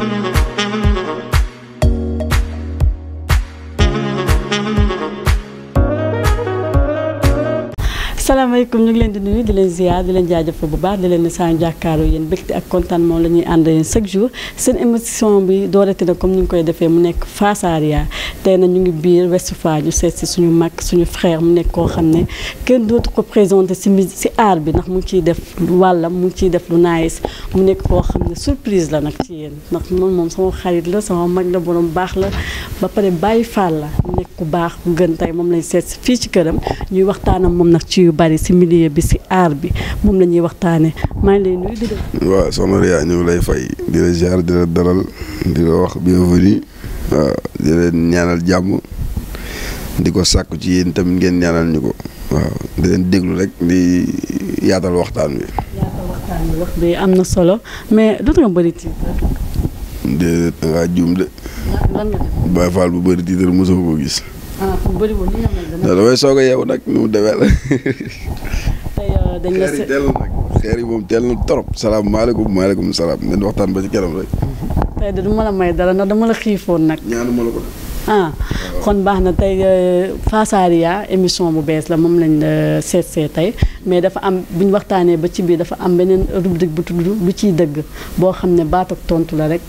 thank you salaamaaleykum ñu ngi leen di nuyu di leen ziar di leen jaajëfal bu baax di leen ne la ñuy ànd yéen chaque jour seen émission bi doorati na comme ni ñu koy defee mu nekk Face à Ria tey na ñu ngi biir Westfalia ñu seet si suñu mag suñu frère mu nekk xam ne kenn dootu ko présenté si si aar bi ndax mu ngi ciy def wàllam mu ngi ciy def lu naayis mu nekk koo xam ne surprise la nag ci yéen ndax moom sama xarit la sama mag la borom baax la ba pare bàyyi faal la mu ku baax ku gën tey moom lañ seet fii ci këram ñuy waxtaanam moom nag ci bari si bi ci aar bi moom la ñuy waxtaanee maa ngi lay soxna Ria ñu lay fay di la ziar di la wax bienvenue waaw di leen ñaanal jàmm di ko sàkku ci yéen tamit ngeen ñaanal ñu ko waaw di leen déglu rek di yaatal waxtaan wi. yaatal am na solo mais dootu nga bëri tiitar. déedéet ko gis. damay soog a yeewu nag nu mu la. Euh, dañ la xeer yi teel na nag xeer yi moom na trop salaamaaleykum maaleykum salaam nañ waxtaan ba ci kanam rek. tey de du la may dara ndax dama la xiifoon nag. ñaanu ma ah kon baax na tey euh, Fassaaria émission bu bees la moom lañ la euh, seet tey mais dafa am bu ñu waxtaanee ba ci biir dafa am beneen rubrique bu tudd lu ciy dëgg boo xam ne baat tontu la rek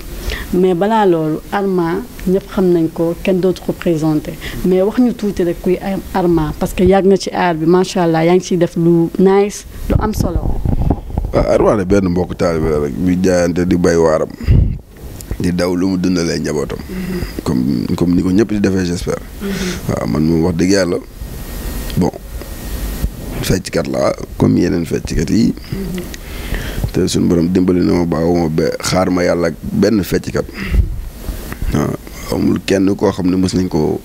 mais balaa loolu Arma ñëpp xam nañ ko kenn dootu ko présenté mais wax ñu tuuti rek kuy Arma parce que yàgg na ci aar bi macha allah yaa ngi ciy def lu nice lu am solo. waaw Arma benn mbokk taalibe rek bi jaayante di bay waaram. di daw lu mu dundalee njabootam. comme comme ni ko ñëpp di defee j'espère. waaw man moom wax dëgg yàlla bon fecckat laa comme yeneen fecckat yi. te suñu borom dimbali na ma baaw ma xaar ma yàlla ak benn fecckat. waaw amul kenn koo xam ne mës nañ koo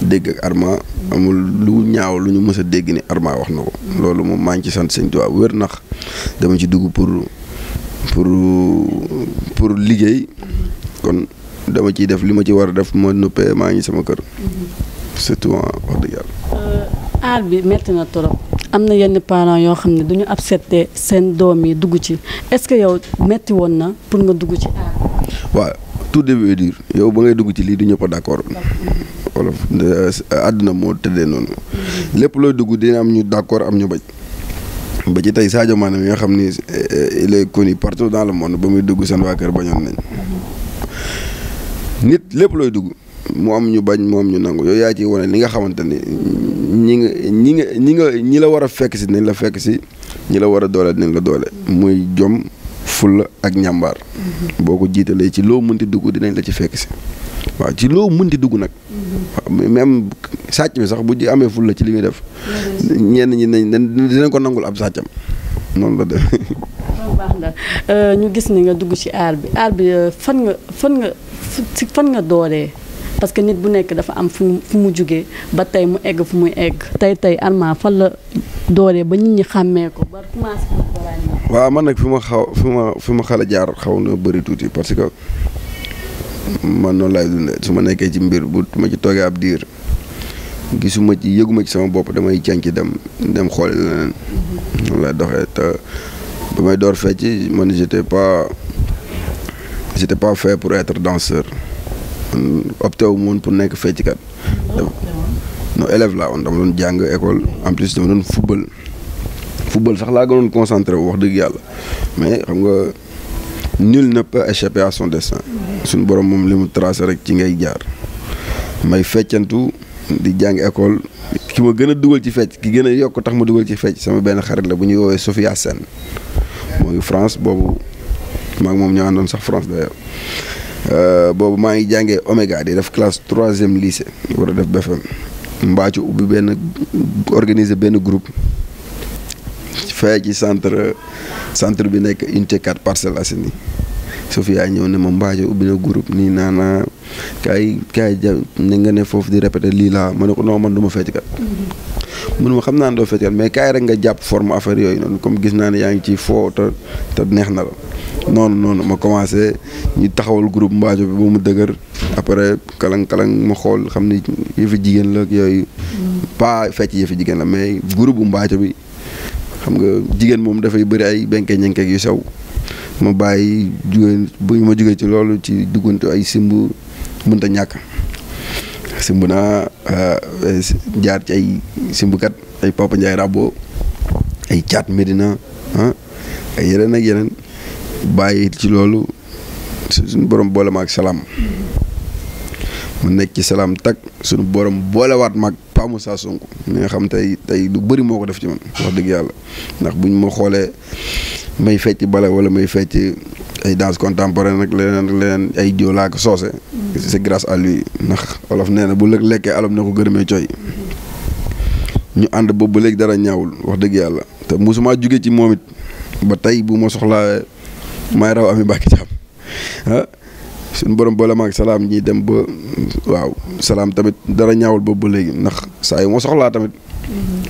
dégg ak Arma. amul lu ñaaw lu ñu mës dégg ni Arma wax na ko. loolu moom maa ngi ci sant sëñ Tuubaa wér nax dama ci dugg pour. pour pour liggéey kon dama ciy def li ma ci war a def ma nuppee maa ngi sama kër surtout euh, aar bi metti na trop. am na yenn parents yoo xam ne du ñu accepté seen doom yi dugg ci est-ce que yow metti woon na pour nga dugg ci waaw tout de est dur yow ba ngay dugg ci lii du ñëpp a d'accord. wolof euh, àdduna moo tëddee noonu. Mm-hmm. lépp looy dugg dina am ñu d'accord am ñu bañ. ba ci tey Sadio Mané mi nga xam ni eh, eh, il est connu partout dans le monde ba muy dugg seen waa kër bañoon nañ nit lépp looy dugg mu am ñu bañ mu am ñu nangu yooyu yaa ci wane li nga xamante ni ñi nga ñi nga ñi nga ñi la war a fekk si dinañ la fekk si ñi la war a doole dinañ la doole muy jom fulla ak ñàmbaar mm-hmm. boo ko jiitalee ci loo mënti dugg dinañ la ci fekk si waaw ci loo mënti dugg nag. Mm-hmm. waaw même sàcc bi sax bu ji amee ful la ci li muy def. ñenn ñi nañ dinañ ko nangul ab sàccam. noonu la def. Oh, euh, ñu gis ni nga dugg ci aar bi aar bi euh, fan nga fan nga fan nga dooree. parce que nit bu nekk dafa am fu fu mu jógee ba tey mu egg fu muy egg. tey tey Arma fan la dooree ba nit ñi xàmmee ko ba waaw man nag fi ma xaw fi ma fi ma xale jaar xaw na bëri tuuti parce que. man noonu lay dundee su ma nekkee ci mbir bu ma ci toogee ab diir gisuma ci yëguma ci sama bopp damay cànc dem dem xool leneen. Mhm. noonu laay doxee te ba may door fecc man j'étais pas j'étais pas fait pour être danseur man opté wu moon pour nekk fecckat. non élève laa woon dama doon jàng école en plus dama doon football football sax laa gënoon concentré wu wax dëgg yàlla mais xam nga. nul ne peut échapper à son destin suñu borom moom li mu tracé rek ci ngay jaar may feccantu di jàng école ki ma gën a dugal ci fecc ki gën a yokk tax ma dugal ci fecc sama benn xarit la bu ñuy woowee Sophia Sène mooy France boobu maak moom ñoo sax France d'ailleurs euh, boobu maa ngi jàngee Oméga di def classe troisième lycée war a def BFM mbaa ci ubbi benn organiser benn groupe fee ci centre centre bi nekk unité 4 Parcelles Assainies Sofia ñëw ne ma mbaajo ubbi na groupe nii naana kaay kaay ja ne nga ne foofu di répété lii laa ma ne ko non man du ma fecckat mm-hmm. mun ma xam naa ne doo fecckat mais kaay rek nga jàpp forme affaire yooyu noonu comme gis naa yaa ngi ci foo te te neex na la noonu noonu ma commencé ñu taxawal groupe mbaajo bi ba mu dëgër après kalang kalang ma xool xam ne yëfi jigéen la yooyu mm-hmm. pas fecc yëfi jigéen la mais groupe mbaajo bi xam nga jigéen moom dafay bëri ay benke ñenkeeg yu sew ma bàyyi jugee bu ma jugee ci loolu ci duggantu ay simb mënta ñàkk simb naa euh, jaar ci ay simbukat ay Papa Ndiaye Rabo ay caat Medina ah ay yeneen ak yeneen bàyyi ci loolu suñu borom boolema ak salaam. mu nekk ci salaam tag suñu borom boolewaat mag Pa saa Sonko mi nga xam tey tey lu bëri moo ko def ci man wax dëgg yàlla ndax bu ñu ma xoolee may fecc bala wala may fecc ay danse contemporaine nag leneen leneen ay jiw laa ko soose. c'est grace à lui ndax olof nee na bu lëg lekkee alam na ko gërëmee cooy. ñu ànd boobu ba léegi dara ñaawul wax dëgg yàlla te mosumaa jóge ci moom it ba tey bu ma soxlaa may raw ami bàkki am ah suñu borom boole ma ak salaam ñi dem ba waaw salaam tamit dara ñaawul ba ba léegi ndax saa yu ma soxlaa tamit.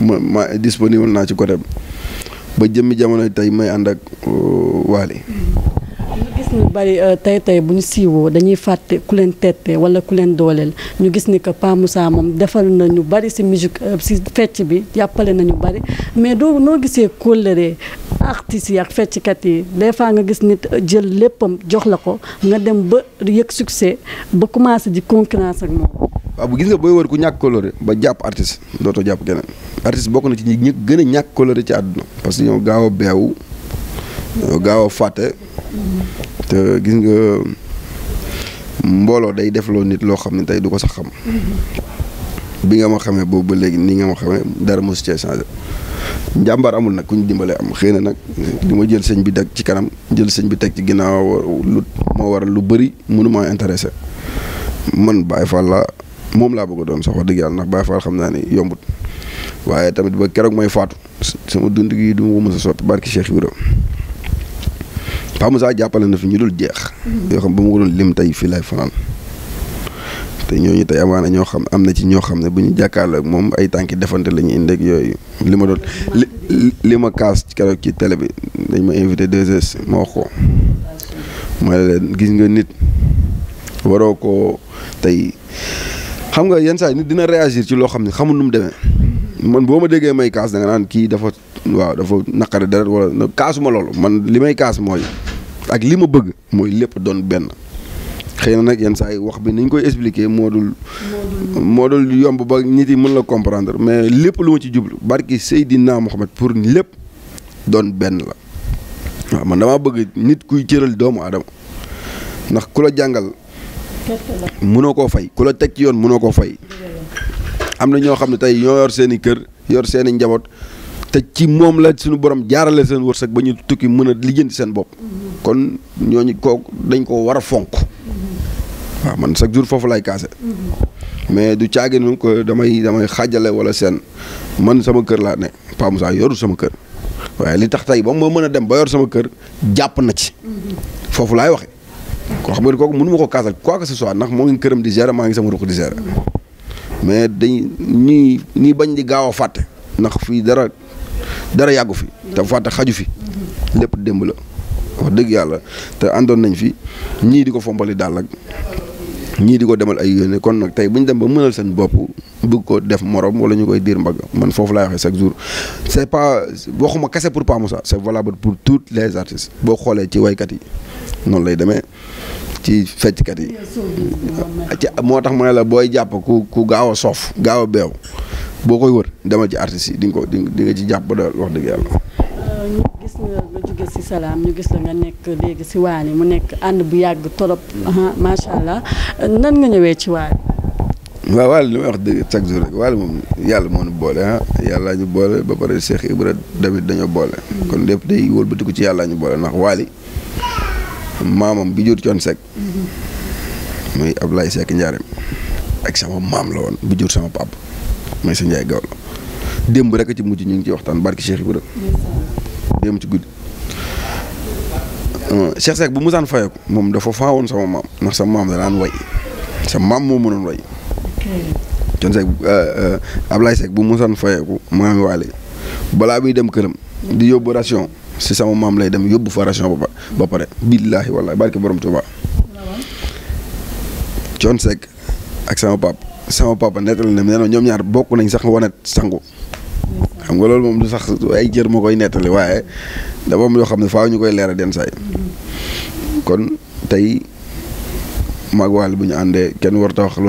ma ma disponible naa ci côté ba jëmmi jamono tey may ànd ak uh, Waly bari euh, tey tey bu ñu siiwoo dañuy fàtte ku leen tette wala ku leen dooleel ñu gis ni que Pa Moussa moom defar na ñu bari ci musique euh, ci fecc bi jàppale na ñu bari mais doo noo gisee kóllëre artistes yi ak fecckat yi des fois nga gis nit euh, jël léppam jox la ko nga dem ba yëg succès ba commencé di concurrence ak moom. waaw gis nga booy wër ku ñàkk kóllëre ba jàpp artiste dootoo jàpp keneen artiste bokk na ci ñu gën a ñàkk kóllëre ci àdduna parce ñoo gaaw a beewu gaaw a fàtte te gis nga mbooloo day defloo nit loo xam ne tey du ko sax xam bi nga ma xamee boobu ba léegi nii nga ma xamee dara mosu cee changé amul nag ku ñu dimbalee am xëy na nag li ma jël sëñ bi teg ci kanam jël sëñ bi teg ci ginnaaw lu moo waral lu bëri mënuma maa intéressé man Baye Fall la moom laa bëgg a doon sax wax yàlla ndax Baye Fall xam naa ni yombut waaye tamit ba keroog may faatu sama dund gi du ma ko mës a soppi barki Cheikh Ibrahima Paa Moussa jàppale na fi ñu dul jeex. Mm-hmm. yoo ba mu doon lim tey fii lay fanaan te ñooñu tey amaana ñoo xam am na ci ñoo xam ne bu ñu jàkkaarloo moom ay tànki defante la ñu indi yooyu li ma doon ma kaas keroog ci télé dañ ma invité 2S ma gis nga nit waroo ko xam nga yenn saa yi dina réagir ci loo xam ne xamul nu mu demee mm-hmm. man boo ma déggee may kaas da nga naan kii dafa waaw dafa naqari dara wala kaasuma loolu man li may kaas mooy ak li ma bëgg mooy lépp doon benn xëy na nag yenn saa yi wax bi ni ñu koy expliquer moo dul moo dul yomb ba nit yi mën la comprendre mais lépp lu ma ci jublu barki Seydina Mohamed pour lépp doon benn la waaw man damaa bëgg nit kuy cëral doomu aadama ndax ku la jàngal mënoo koo fay ku la teg ci yoon mënoo koo fay am na ñoo xam ne tey ñoo yor seen kër yor seeni njaboot te ci moom la suñu borom jaarale seen wërsëg ba ñu tukki mën a lijjanti seen bopp. kon ñooñu kook dañ koo war a fonk. waaw man chaque jour foofu lay kaase. mais du caagi nu ko damay damay xaajale wala seen man sama kër laa ne Pa Moussa yoru sama kër waaye li tax tey ba ma mën a dem ba yor sama kër jàpp na ci. foofu laay waxe koo xam nga kooku mënu ma ko kaasal quoi que ce ndax moo ngi këram di gérer maa ngi sama ruq di gérer mais dañ ñuy ñuy bañ di gaaw a fàtte ndax fii dara. dara yàggu fi te fàtte xaju fi lépp démb la wax dëgg yàlla te àndoon nañ fi ñii di ko fombali daal ak ñii di ko demal ay yónne kon nag tey bu ñu dem ba mënal seen bopp bëgg ko def moroom wala ñu koy diir mbagg man foofu laay waxee chaque jour c'est pas waxuma kese pour Pa Moussa c'est valable pour tous les artistes boo xoolee ci waykat yi noonu lay demee ci fecckat yi ci moo tax ma ne la booy jàpp ku ku gaaw a soof gaaw a beew boo koy wër demal ci artistes yi di nga ko di nga ci jàpp daal wax dëgg yàlla. Euh, ñu gis nga nga si salaam ñu gis la nga nekk léegi si waali mu nekk ànd bu yàgg trop macha allah nan nga ñëwee ci waali. waaw waali li may wax dëgg chaque jour rek waali moom yàlla moo ñu boole ah yàlla ñu boole ba pare Cheikh Ibra David dañoo boole. Hmm. kon lépp day wëlbatiku ci yàlla ñu boole ndax waali maamam bi jur coon Seck. Hmm. muy Ablaye Seck njaareem ak sama maam la woon bi jur sama papa. Maysa Ndiaye Gawlo démb rek ci mujj ñu ngi ci waxtaan barki Cheikh Ibrahima démb ci guddi. Euh, Cheikh Seck bu musaan fayeku moom dafa faawoon sama maam ndax sama maam da daan way sa maam moo mënoon way. Thione Seck euh, euh, Ablaye Seck bu musaan fayeku maami waale balaa muy dem këram. di yóbbu ration si sama maam lay dem yóbbu fa ration ba ba pare billaahi wallaahi barki borom Tuubaa Thione ak sama pap sama papa nettali na nee na ñoom ñaar bokk nañ sax wanet sangu xam nga loolu moom du sax ay jër ma koy nettali waaye dafa yoo xam ne faaw ñu koy leeral den saay kon tey mag waal bu ñu àndee kenn warta wax lu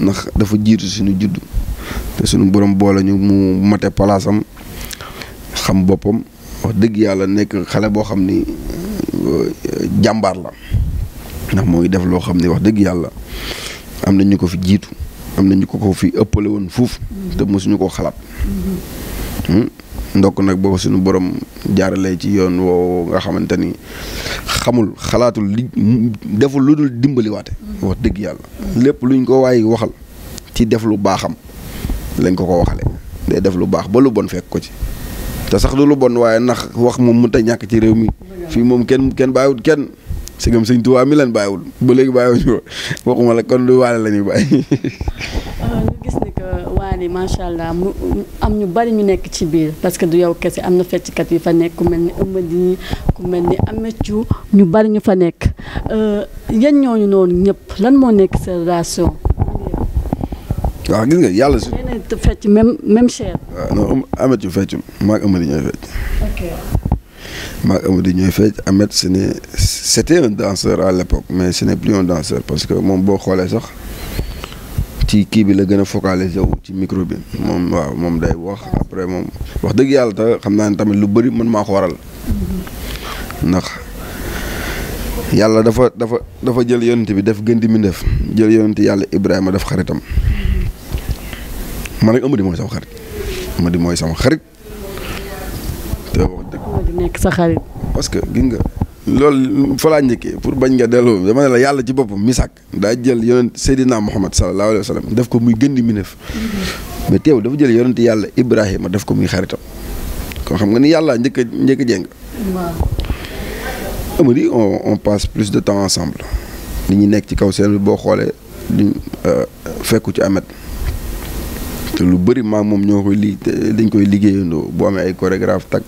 ndax dafa jiitu suñu judd suñu borom boole ñu mu mate palaasam xam boppam wax dëgg yàlla nekk xale boo xam ni jàmbaar la ndax moo ngi def loo xam ni wax dëgg yàlla am na ñu ko fi jiitu am na ñu ko ko fi ëppale woon fuuf te mosuñu koo xalaat ndokk hmm? nag boo suñu borom jaaralee ci yoon woowu nga xamante ni xamul xalaatul li deful lu dul dimbaliwaate wax dëgg yàlla lépp luñ ko waaye waxal ci def lu baaxam lañ ko ko waxale day def lu baax ba lu bon fekk ko ci te sax du lu bon waaye ndax wax moom mënta ñàkk ci réew mi fii moom kenn kenn bàyyiwut kenn sëgam sëñ waa mi lan bàyyiwul ba léegi bàyyiwuñu ko waxuma la kon lu waale la bàyyi. Ah, ñu gis ni que macha allah mu am ñu bari ñu nekk ci biir parce que du yow kese am na fecckat yu fa nekk ku mel ni Eumeudi ku mel ni Amethiou ñu bari ñu fa nekk euh, yan ñooñu noonu ñëpp lan moo nekk sa relation. waaw gis nga yàlla su. fecc même même cher. waaw ah, non Amethiou fecc maag Eumeudi ñooy fecc. maa Amady ñooy fecc Ahmed ce n'est c'était un danseur à l'époque mais ce n'est plus un danseur parce que moom boo xoolee sax ci kii bi la gën a focaliser wu ci micro bi moom waaw moom day wax après moom wax dëgg yàlla te xam naa ne tamit lu bëri mën maa ko waral ndax yàlla dafa dafa dafa jël yonent bi def gën di mbindéef jël yonent yàlla Ibrahima def xaritam man ak Amady mooy sama xarit mooy sama xarit te wax dëgg. parce que gis nga loolu falaa laa njëkkee pour bañ nga delloo dama ne la yàlla ci boppam misaak daa jël yonent Seydina Muhammad sallallahu alayhi wa sallam def ko muy gën di minef mm-hmm. mais teew dafa jël yonent yàlla Ibrahima def ko muy xaritam kon xam nga ni yàlla njëkk a njëkk a jéng. waaw. di on passe plus de temps ensemble. li ñu nekk ci kaw seen boo xoolee duñ euh, fekku ci amet te lu bari maa moom ñoo koy li dañ koy liggéeyandoo bu amee ay chorégraphe tak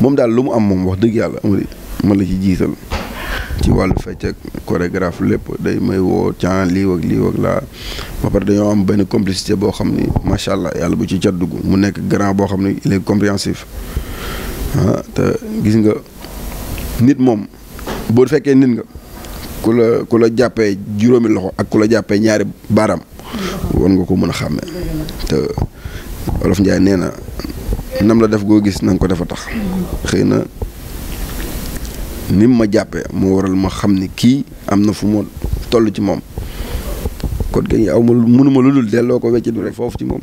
moom daal lu mu am moom wax dëgg yàlla amari man la ci jiital ci wàllu fecc ak chorégraphe lépp day may woo caan lii wak lii wak laa ba pare dañoo am benn complicité boo xam ni macha allah yàlla bu ci cat dugg mu nekk grand boo xam ni il est ah, te gis nga nit moom boo fekkee nit nga ku la ku la jàppee juróomi loxo ak ku la jàppee ñaari baaraam mm-hmm. war nga ko mën a xàmmee te olof Njaay nee na nam la def goo gis na nga ko defa tax xëy na nim ma jàppee moo waral ma xam ni kii am na fu ma toll ci moom kon kay aw ma mënuma lu dul delloo ko wecc du rek foofu ci moom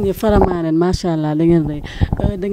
ñu allah da ngeen